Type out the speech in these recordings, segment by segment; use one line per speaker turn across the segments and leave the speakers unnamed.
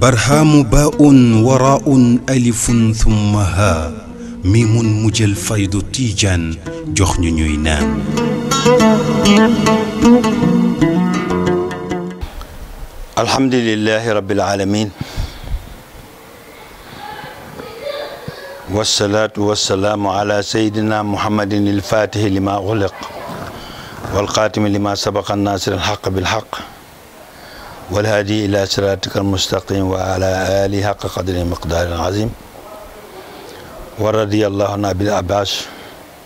برهام باء وراء ألف ثم ها ميم مجل فيض تيجان جخن نينان الحمد لله رب العالمين والصلاة والسلام على سيدنا محمد الفاتح لما أغلق والقاتم لما سبق الناصر الحق بالحق والهادي إلى صراطك المستقيم وعلى آله حق قدر مقدار عظيم ورضي الله عن أبي العباس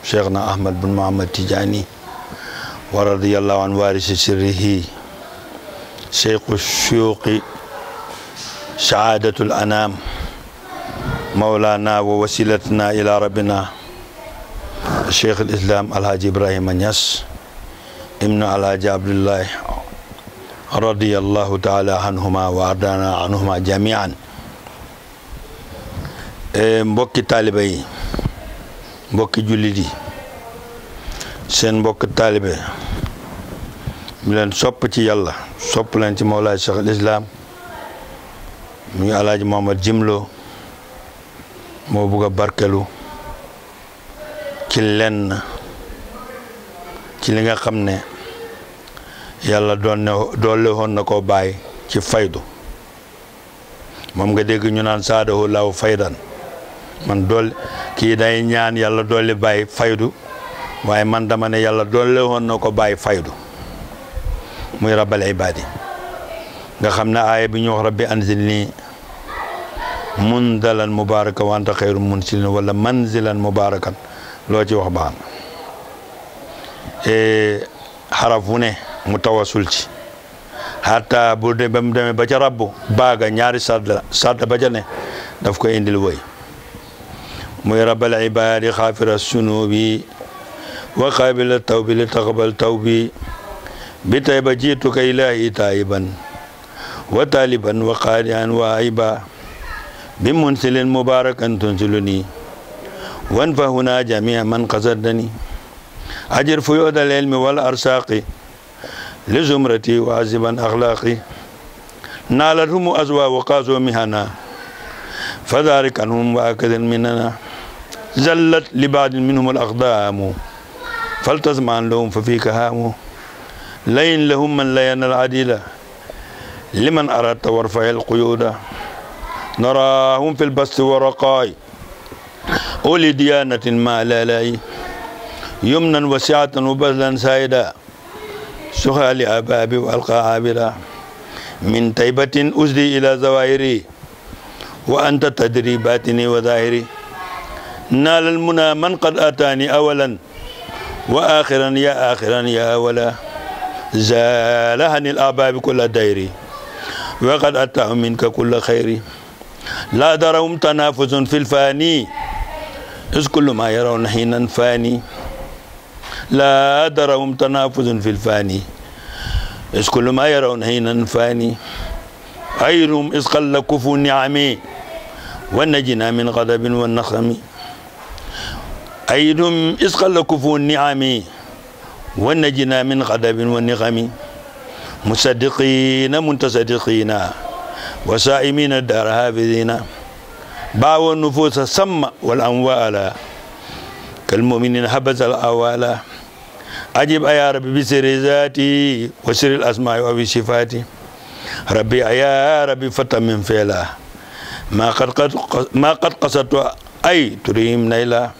شيخنا أحمد بن محمد تجاني ورضي الله عن وارث سره شيخ الشيوخ سعادة الأنام مولانا ووسيلتنا إلى ربنا شيخ الإسلام الحاج إبراهيم نياس ibnu alhaji abdullahi radiallahu taala anhuma wa ardana anhuma jamian e, mbokki taalibe yi mbokki jullit yi seen mbokki taalibe ñu leen sopp ci yàlla sopp leen ci mawlaay cheikh al islam mu ngi alaaji Mohamad Jimlo moo bugg a barkelu ci lenn ci li nga xam ne yàlla doon ne doole woon na ko bàyyi ci faydu moom nga dégg ñu naan saadahu laaw faydan man dool kii day ñaan yàlla doole bàyyi faydu waaye man dama ne yàlla doole woon na ko bàyyi faydu muy rabbal ibaadi nga xam ne aaya bi ñu wax rabbi anzilni mundalan mubaarakan wa anta xayru munsilin wala manzilan mubaarakan loo ci wax baax e haraf wu ne mu tawasulci hatta bu bam demee ba ca rabbu baaga ñaari sadda sadda ba ca ne daf ko indil woy muy rabbal ibadi xaafira sunubi wa qaabila tawbi li taqbal tawbi bi tayba jiituka ilahi taayiban wa taliban wa qaadian wa ayba bi munsilin mubarakan tunsiluni wan fa huna jamia man qasadani أجر فيود العلم والأرساق لزمرتي وعزبا أخلاقي نالتهم أزوا وقازوا مهنا فذلك أنهم وأكد مننا زلت لبعض منهم الأقدام فالتزم عن لهم ففيك هام لين لهم من لين العديلة لمن أردت وارفع القيود نراهم في البث ورقاي أولي ديانة ما لا لاي يمنا وسعة وبذلا سائدا سخى لأبابي وألقى عابرا من طيبة أزدي إلى زواهري وأنت تدري باتني وظاهري نال المنى من قد أتاني أولا وآخرا يا آخرا يا أولا زالهني الأباب كل ديري وقد أتاهم منك كل خير لا درهم تنافس في الفاني إذ كل ما يرون حينا فاني لا ترهم تنافس في الفاني إذ كل ما يرون هينا فاني غيرهم إذ قل كفوا نعمي ونجنا من غضب والنخم أيدهم إذ قل كفوا نعمي ونجنا من غضب والنغم مصدقين منتصدقين وسائمين الدار هافذين باعوا النفوس السم والأموال كالمؤمنين هبز الأوالا أجب يا ربي بسر ذاتي وسر الأسماء وصفاتي ربي يا ربي فتى من فعلا ما قد قد ما قد قصدت أي تريم نيلا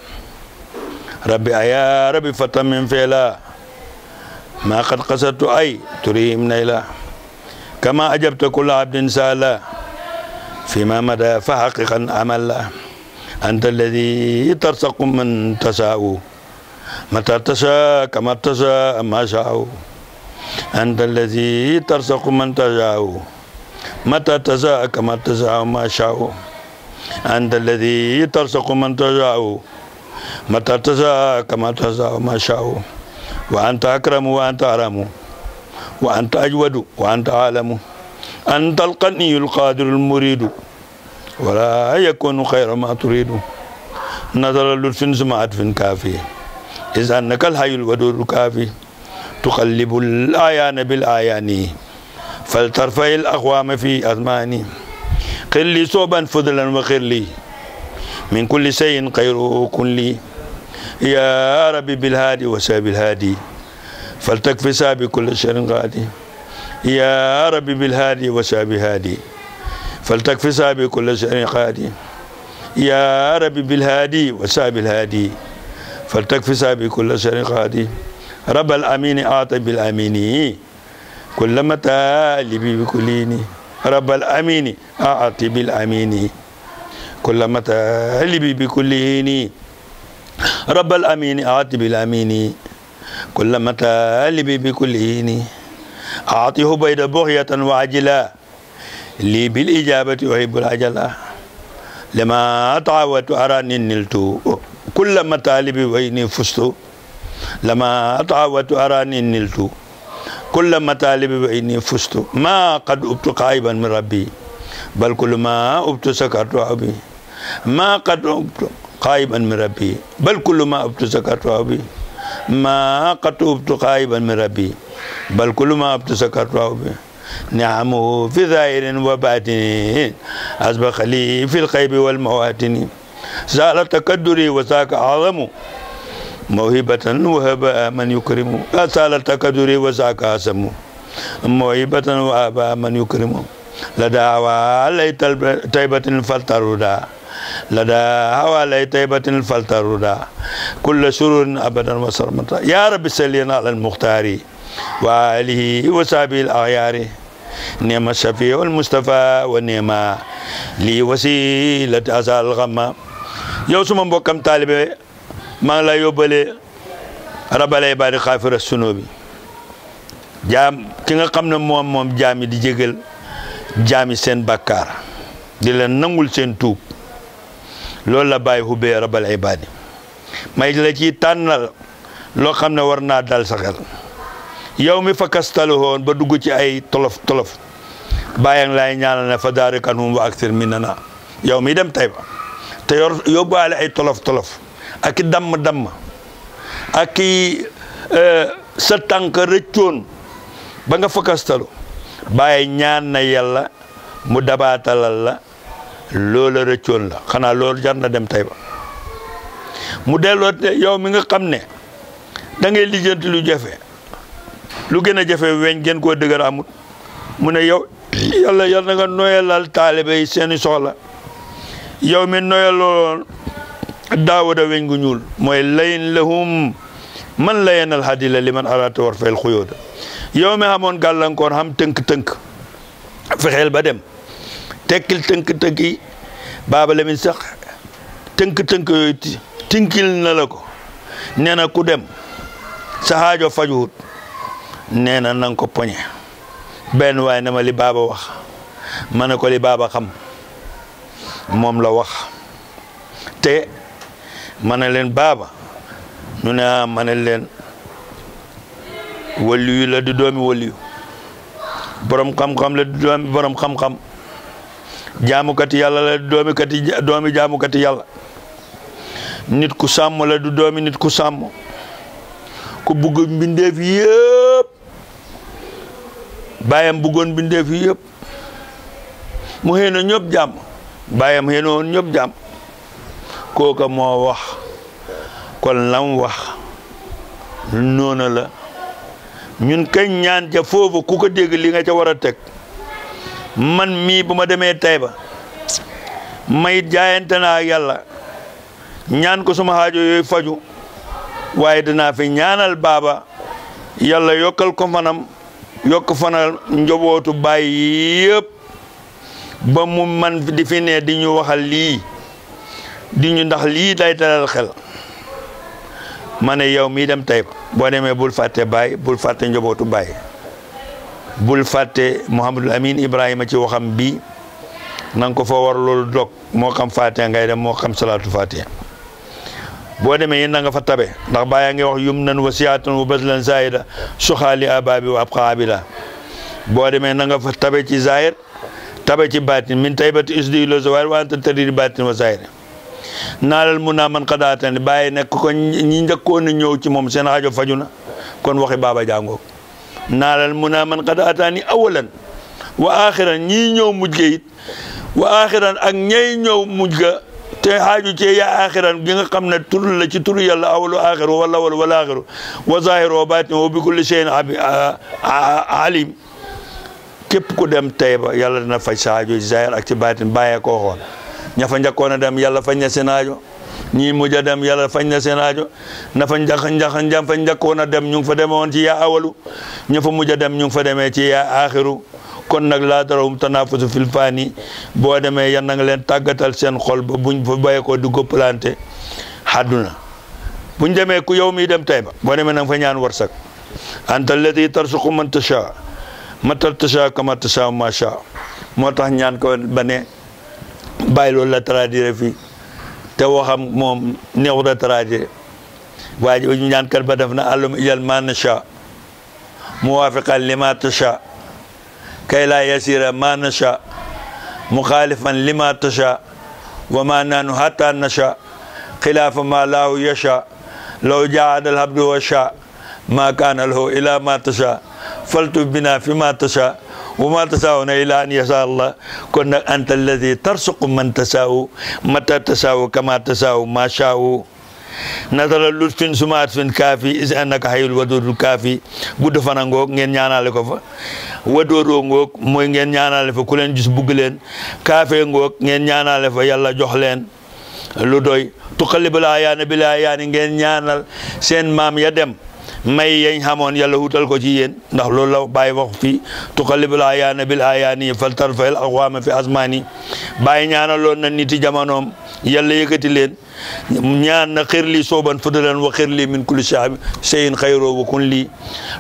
ربي يا ربي فتى من فعلا ما قد قصدت أي تريم نيلا كما أجبت كل عبد سالا فيما مدى فحققا عملا أنت الذي ترزق من تساؤ متى تشاء كما تشاء ما شاءوا أنت الذي ترزق من تشاء متى تشاء كما تشاء ما شاء أنت الذي ترزق من تشاء متى تشاء كما تشاء ما شاء وأنت أكرم وأنت أرم وأنت أجود وأنت أعلم أنت القني القادر المريد ولا يكون خير ما تريد نظر لطف سمعت كافيه إذ أنك هاي الودود الكافي تقلب الآيان بالآيان فلترفع الأقوام في أزماني قل لي صوبا فضلا وخر لي من كل شيء خير كن لي يا ربي بالهادي وساب الهادي فلتكفي سابي كل شر غادي يا ربي بالهادي وساب هادي فلتكفي سابي كل شر غادي يا ربي بالهادي وساب الهادي فلتكفي كل شر قادي رب الأمين أعطي بالأمين كل متالبي بكليني رب الأمين أعطي بالأمين كل متالبي بكليني رب الأمين أعطي بالأمين كل متالبي بكليني أعطيه بيد بغية وعجلة لي بالإجابة أحب العجلة لما أتعوت أراني نلت كل مطالبي ويني فستو لما أتعوت أراني نلت كل مطالبي ويني فستو ما قد أبت قائبا من ربي بل كل ما أبت سكرت ربي ما قد أبت قائبا من ربي بل كل ما أبت سكرت ربي ما قد أبت قائبا من ربي بل كل ما أبت سكرت ربي نعمه في ظاهر وباطن أسبق لي في الخيب والمواتن زال تقدري وساك عظم موهبة وهباء من يكرم لا زال تقدري وساك عظم موهبة وهباء من يكرم لدى هوا ليت تيبة فلتردا لدى هوا ليت تيبة فلتردا كل سرور أبدا وسرمدا يا رب سلينا على المختار وآله وصحبه الأغيار نعم الشفيع المصطفى والنعمة لي وسيلة أزال الغمة yow suma mbokkam taalibe maa la lay yóbbale rabalay bari xaafira suno bi jaam ki nga xam ne moom moom jaami di jégal jaami seen bàkkaar di la nangul seen tuub loolu la bàyyi hubbee rabal ibaadi may la ci tànnal loo xam ne war naa dal sa xel yow mi fa kastalu woon ba dugg ci ay tolof tolof bàyyi laay ñaanal ne fa daarik anhum wa aksir minana yow mi dem Tayba te yor yóbbaale ay tolof-tolof ak i damm-damm ak i euh, sa tànk rëccoon ba nga fakastalu bàyyi ñaan na yàlla mu dabaatalal la loola rëccoon la xanaa loolu jar dem tey ba mu delloo yow mi nga xam ne da ngay lijjanti lu jafe lu gën a jafe weñ gën koo dëgër amut mu ne yow yàlla yàlla na nga nooyalal taalibe yi seeni soxla yow mi noyaloon daawuda weñ gu ñuul mooy layin lahum man layanal hadila li man araata war fayal xuyóoda yow mi xamoon gàllankoor xam tënk-tënk fexeel ba dem tekkil tënk-tënk yi baaba lemin sax tënk-tënk yooyu tinkil na ko nee ku dem sa xaajo fajuwut nee na nanga ko poñe benn waaye na ma baaba wax ma ne ko li baaba xam moom la wax te ma ne leen baaba ñu ne ah leen waliyu la di doomi waliyu borom xam-xam la di doomi borom xam-xam jaamukati yàlla la di doomi kati doomi jaamukati yàlla nit ku sàmm la di doomi nit ku sàmm ku bugg mbindeef yëpp baayam buggoon mbindeef yëpp mu xëy na ñëpp jàmm. baayam xëy na woon ñëpp jàmm kooka moo wax kon lam wax noona la ñun kañ ñaan ca foofu ku ko dégg li nga ca war a teg man mii bu ma demee Tayba may jaayante naa yàlla ñaan ko suma xaajo yooyu faju waaye dinaa fi ñaanal baaba yàlla yokkal ko fanam yokk fanal njobootu baay yëpp ba mu man di fi ne di ñu waxal lii di ñu ndax lii day dalal xel ma ne yow mii dem tey boo demee bul fàtte baay bul fàtte njobootu baay bul fàtte Mouhamadul Amin Ibrahima ci waxam bii na ko foo war loolu dog moo xam fàtte ngay dem moo xam salaatu fàtte boo demee yéen na fa tabe ndax bàyyaa ngi wax yum nan wasiyaatan wa baslan zaayida suxaali abaabi wa abqaa abila boo demee na nga fa tabe ci zaahir taba ci baatin min taybati usdi lo zawal wa anta tariri baatin wa zahir naalal mun naa man xadaatani bàyyi nekk ko ñi njëkkoon a ñëw ci moom seen aajo faju kon waxi baaba jàngoog naalal mun naa man xadaatani awalan wa axiran ñii ñëw mujj ga it wa axiran ak ñay ñëw mujj ga te xaaju cee yaa gi nga xam ne tur la ci turu yàlla awalu axiru wala awalu wala axiru wa zahiru wa baatin wa bi kulli shay'in alim képp ku dem Tayba yalla dina faj sa aajo ak ci baatin bàyyee koo xool ña fa njëkkoon a dem yalla faj na seen aajo ñii mujj a dem yalla faj na seen aajo na fa njax njax njam fa njëkkoon a dem ñu ngi fa demoon ci yaa awalu ña fa mujj a dem ñu ngi fa demee ci yaa aaxiru kon nag laa darawum tanaafusu fil faani boo demee yan na leen tàggatal seen xol ba buñ fa bàyyee koo di goppalante xàdduna buñ demee ku yow mii dem Tayba boo demee na nga fa ñaan warsak anta alladi tarsuqu man tasha matal tasha kama tasha masha moo tax ñaan ko bané ne bàyyi la tradire fi te waxam da tradire waji traduire ñaan ñaankat ba defna àllum ijal ma sha muwafiqan lima tasha kay la yasira ma sha mukhalifan lima tasha wa ma naanu hatta nasha khilaf ma laahu yasha لو جاء الهبد وشاء ما كان له الا ما تشاء faltub bina fi ma tasha wa ma tashauna illa an yasha allah kon nag anta alladi tarsuqu man tashaau mata tashaau kama tashaau ma shaau natala lutfin sumaat fin kaafi is annaka hayul wadoodul kaafi gudd fana ngoog ngeen ñaanale ko fa wadoodoo ngoog mooy ngeen ñaanale fa ku leen gis bugg leen kaafe ngoog ngeen ñaanale fa yàlla jox leen lu doy tuqallibul ayaana bil ayaani ngeen ñaanal seen maam ya dem may yañ xamoon yàlla wutal ko ci yéen ndax loolu la bàyyi wax fii tuqallibul ayaana bil ayaani fal tarfa'il aqwaama fi asmaani bàyyi ñaanaloon na niti jamonoom yàlla yëkkati leen ñaan na xir lii sooban fadalan wa xir lii min kulli shay'in xayroo wa kun lii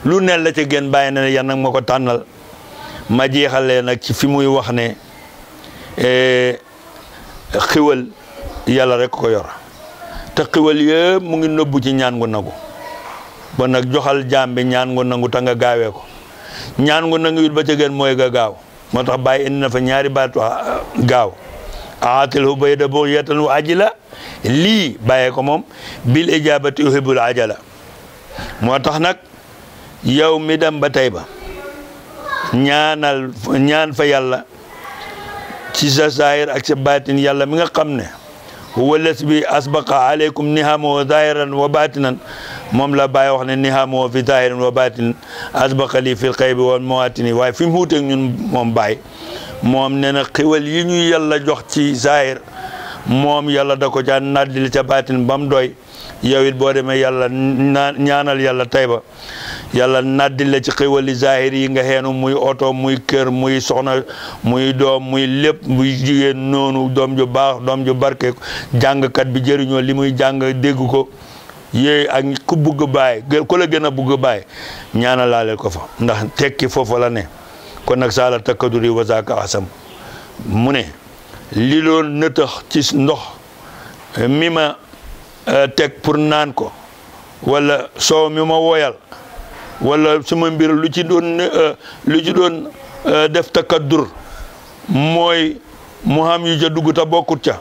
lu ne la ca gën bàyyi na yan nag ma ko tànnal ma jeexalee nag ci fi muy wax ne e, xiwal yàlla rek ko yor te xiwal yëpp mu ngi nëbbu ci ñaan gu ko ba nag joxal jaam bi ñaan ngu nangu ta nga ñaan ngu nangu it ba ca gën mooy nga gaaw moo tax bàyyi indi na fa ñaari baatu ah, gaaw aatil hu bayda boo yetan ajila lii bàyyee ko moom bil ijabati uhibul ajala moo tax nag yow mi dem ba tey ba ñaanal ñaan fa yàlla ci sa saahir ak sa baatin yàlla mi nga xam ne huwa les bi asbaqa aleykum nihama wa wa batinan moom la bàyyi wax ne nihamoo fi zahirin wa batin asbaqali fil xaybi wa mawatini waaye fi mu xuuteeg ñun moom baay moom nee na xiwal yi ñu yàlla jox ci zahir moom yàlla da ko caa naddil ca baatin bam doy yow it boo demee yàlla ñaanal yàlla tey ba yàlla naddil la ci xéwali zahir yi nga xeenu muy oto muy kër muy soxna muy doom muy lépp muy jigéen noonu doom ju baax doom ju barke jàngkat bi jëriñoo li muy jàng dégg ko yéey ak ku bugg bàyyi ku la gën a bugg bàyyi ñaana laale ko fa ndax tekki foofu la ne kon nag saala takkaduri wasaaka asam mu ne li loo nëtëx ci ndox mi ma e, teg pour naan ko walla soow mi ma woyal wala suma mbir lu ci doon e, ci doon e, def takkadur mooy mu xam yu ca dugg ta bokkut ca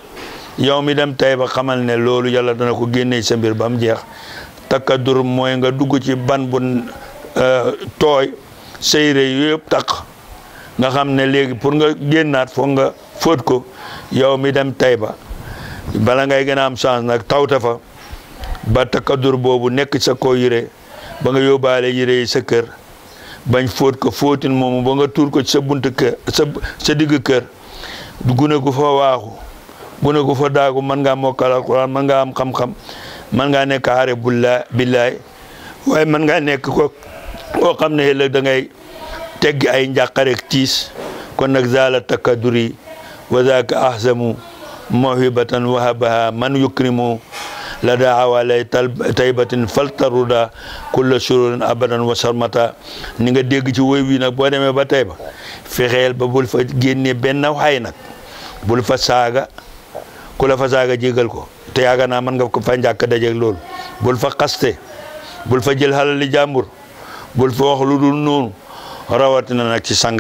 yow mi dem tey ba xamal ne loolu yàlla dana ko génnee sa mbir ba mu jeex takkadur mooy nga dugg ci ban bu euh, tooy say rëy yëpp takk nga xam ne léegi pour nga génnaat foog nga fóot ko yow mi dem tey ba bala ngay gën a am chance nag tawte fa ba takkadur boobu nekk sa ko yére ba nga yóbbaale yére yi sa kër bañ fóot ko fóotin moomu ba nga tuur ko ci sa bunt kër sa digg kër gune gu fa waaxu bu ne ko fa daagu mën ngaa mokkal alquran mën ngaa am xam-xam mën ngaa nekk aare bulla billaay waaye mën ngaa nekk ko koo xam ne ëllëg da ngay teggi ay njàqarek tiis kon nag zaala takaduri wa zaaka ahzamu mawhibatan wahabaha man yukrimu la daawalay taybatin faltaruda kulla sururin abadan wa sarmata ni nga dégg ci woy wi nag boo demee ba tayba fexeel ba bul fa génne benn waxay nag bul fa saaga ku la fa saaga jégal ko te yaakaar naa man nga ko fa njàkk loolu bul fa xaste bul fa jël xalali jàmbur bul fa wax lu dul noonu nag ci sang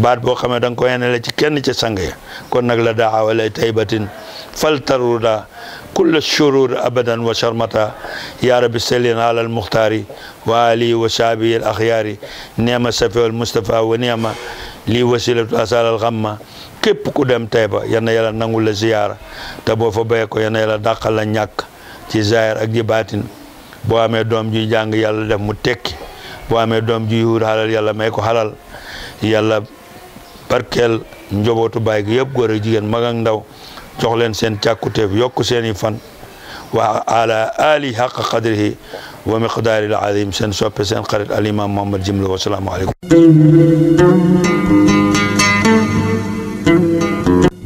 baat boo xamee da nga ko yenele ci kenn ci sang ko kon nag la daawa lay taybatin fal taruda kulla shurur abadan wa sharmata ya rabbi ala al muxtaari wa ali wa saabi al axyaari neema safi al mustafa wa neema lii wasilatu asal al xamma képp ku dem Taïba yal na yàlla nangu la ziyaara te boo fa béyee ko yal na yàlla ñàkk ci zaahir ak ji baatin boo amee doom ji jàng yàlla def mu tekki boo amee doom ji wut xalal yàlla may ko xalal yàlla barkeel njobootu baay gi yëpp góor jigéen mag ak ndaw jox leen seen càkkuteef yokk seeni fan wa ala ali xaqa qadrihi wa la azim seen soppe seen xarit al imam Mohamed Jimlo wasalaamu aleykum